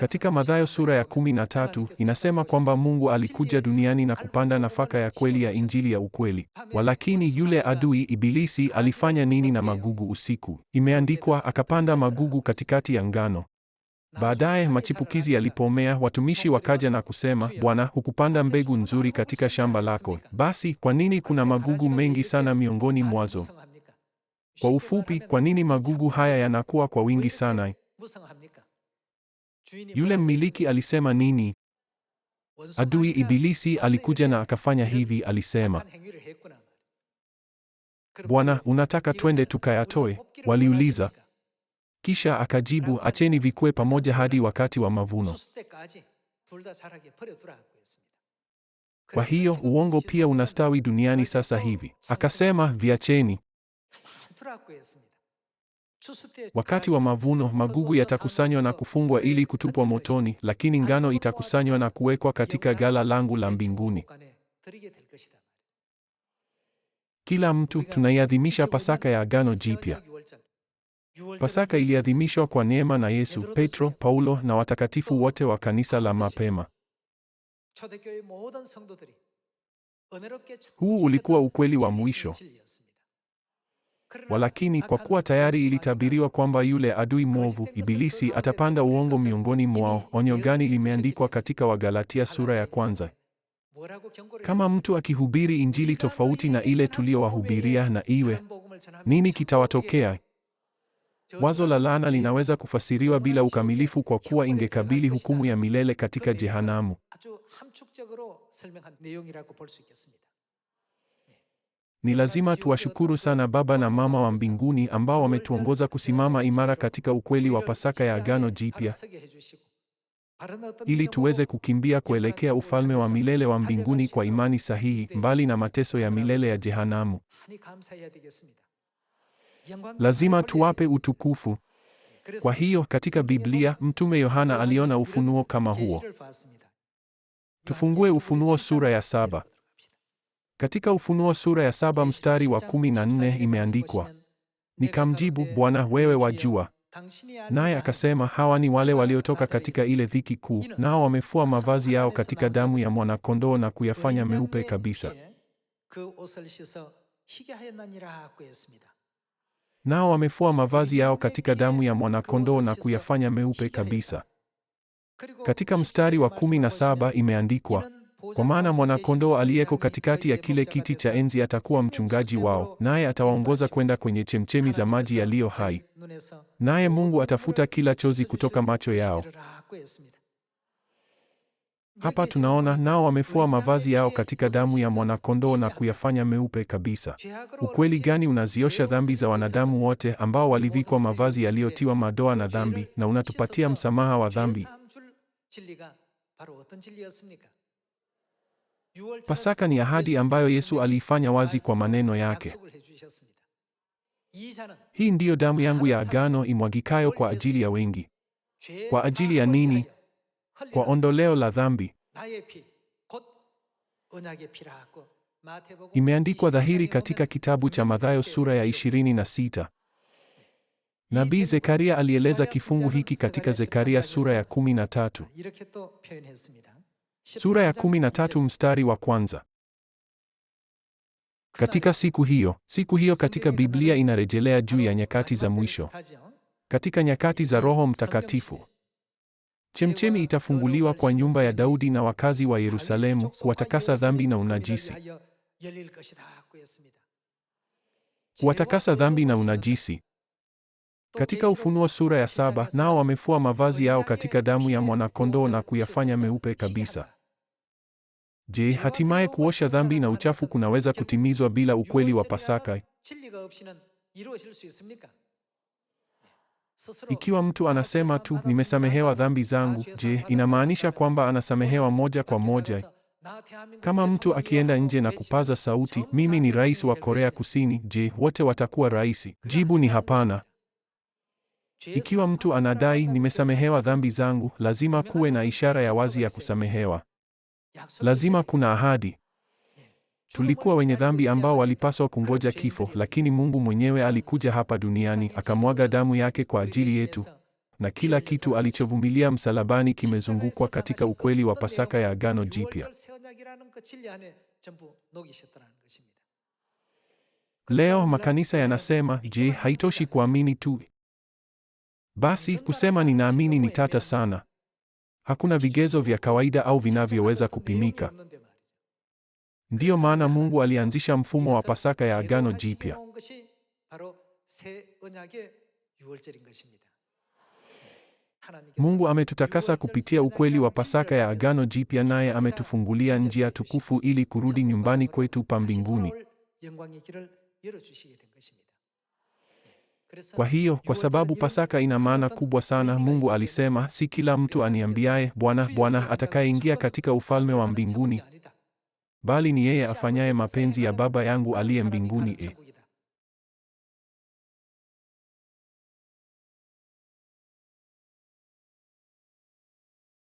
Katika Mathayo sura ya kumi na tatu inasema kwamba Mungu alikuja duniani na kupanda nafaka ya kweli ya injili ya ukweli. Walakini yule adui Ibilisi alifanya nini na magugu usiku? Imeandikwa, akapanda magugu katikati ya ngano. Baadaye machipukizi yalipomea, watumishi wakaja na kusema, Bwana, hukupanda mbegu nzuri katika shamba lako, basi kwa nini kuna magugu mengi sana miongoni mwazo? Kwa ufupi, kwa nini magugu haya yanakuwa kwa wingi sana? Yule mmiliki alisema nini? Adui Ibilisi alikuja na akafanya hivi, alisema, Bwana, unataka twende tukayatoe? Waliuliza. Kisha akajibu, acheni vikue pamoja hadi wakati wa mavuno. Kwa hiyo uongo pia unastawi duniani sasa hivi. Akasema, viacheni. Wakati wa mavuno, magugu yatakusanywa na kufungwa ili kutupwa motoni, lakini ngano itakusanywa na kuwekwa katika ghala langu la mbinguni. Kila mtu tunaiadhimisha Pasaka ya Agano Jipya. Pasaka iliadhimishwa kwa neema na Yesu, Petro, Paulo na watakatifu wote wa kanisa la mapema. Huu ulikuwa ukweli wa mwisho. Walakini kwa kuwa tayari ilitabiriwa kwamba yule adui mwovu Ibilisi atapanda uongo miongoni mwao, onyo gani limeandikwa katika Wagalatia sura ya kwanza. Kama mtu akihubiri injili tofauti na ile tuliyowahubiria, na iwe nini kitawatokea? Wazo la laana linaweza kufasiriwa bila ukamilifu kwa kuwa ingekabili hukumu ya milele katika jehanamu. Ni lazima tuwashukuru sana Baba na Mama wa mbinguni ambao wametuongoza kusimama imara katika ukweli wa Pasaka ya Agano Jipya ili tuweze kukimbia kuelekea ufalme wa milele wa mbinguni kwa imani sahihi, mbali na mateso ya milele ya jehanamu. Lazima tuwape utukufu. Kwa hiyo katika Biblia mtume Yohana aliona ufunuo kama huo. Tufungue Ufunuo sura ya saba. Katika Ufunuo sura ya saba mstari wa kumi na nne imeandikwa, nikamjibu Bwana, wewe wajua. Naye akasema, hawa ni wale waliotoka katika ile dhiki kuu, nao wamefua mavazi yao katika damu ya mwanakondoo na kuyafanya meupe kabisa. Nao wamefua mavazi yao katika damu ya mwanakondoo na kuyafanya meupe kabisa. Katika mstari wa kumi na saba imeandikwa kwa maana mwanakondoo aliyeko katikati ya kile kiti cha enzi atakuwa mchungaji wao, naye atawaongoza kwenda kwenye chemchemi za maji yaliyo hai, naye Mungu atafuta kila chozi kutoka macho yao. Hapa tunaona nao wamefua mavazi yao katika damu ya mwanakondoo na kuyafanya meupe kabisa. Ukweli gani unaziosha dhambi za wanadamu wote ambao walivikwa mavazi yaliyotiwa madoa na dhambi, na unatupatia msamaha wa dhambi? Pasaka ni ahadi ambayo Yesu aliifanya wazi kwa maneno yake. Hii ndiyo damu yangu ya agano imwagikayo kwa ajili ya wengi. Kwa ajili ya nini? Kwa ondoleo la dhambi. Imeandikwa dhahiri katika kitabu cha Mathayo sura ya 26. Nabii Zekaria alieleza kifungu hiki katika Zekaria sura ya 13. Sura ya kumi na tatu mstari wa kwanza. Katika siku hiyo, siku hiyo katika Biblia inarejelea juu ya nyakati za mwisho. Katika nyakati za Roho Mtakatifu, chemchemi itafunguliwa kwa nyumba ya Daudi na wakazi wa Yerusalemu kuwatakasa dhambi na unajisi. Kuwatakasa dhambi na unajisi. Katika Ufunuo sura ya saba, nao wamefua mavazi yao katika damu ya mwanakondoo na kuyafanya meupe kabisa. Je, hatimaye kuosha dhambi na uchafu kunaweza kutimizwa bila ukweli wa Pasaka? Ikiwa mtu anasema tu nimesamehewa dhambi zangu, je, inamaanisha kwamba anasamehewa moja kwa moja? Kama mtu akienda nje na kupaza sauti, mimi ni rais wa Korea Kusini, je, wote watakuwa rais? Jibu ni hapana. Ikiwa mtu anadai nimesamehewa dhambi zangu, lazima kuwe na ishara ya wazi ya kusamehewa. Lazima kuna ahadi. Tulikuwa wenye dhambi ambao walipaswa kungoja kifo, lakini Mungu mwenyewe alikuja hapa duniani akamwaga damu yake kwa ajili yetu, na kila kitu alichovumilia msalabani kimezungukwa katika ukweli wa Pasaka ya Agano Jipya. Leo makanisa yanasema, je, haitoshi kuamini tu? Basi kusema ninaamini ni tata sana. Hakuna vigezo vya kawaida au vinavyoweza kupimika. Ndiyo maana Mungu alianzisha mfumo wa Pasaka ya Agano Jipya. Mungu ametutakasa kupitia ukweli wa Pasaka ya Agano Jipya, naye ametufungulia njia tukufu ili kurudi nyumbani kwetu pa mbinguni. Kwa hiyo, kwa sababu Pasaka ina maana kubwa sana, Mungu alisema, si kila mtu aniambiaye Bwana, Bwana atakayeingia katika ufalme wa mbinguni, bali ni yeye afanyaye mapenzi ya Baba yangu aliye mbinguni. E.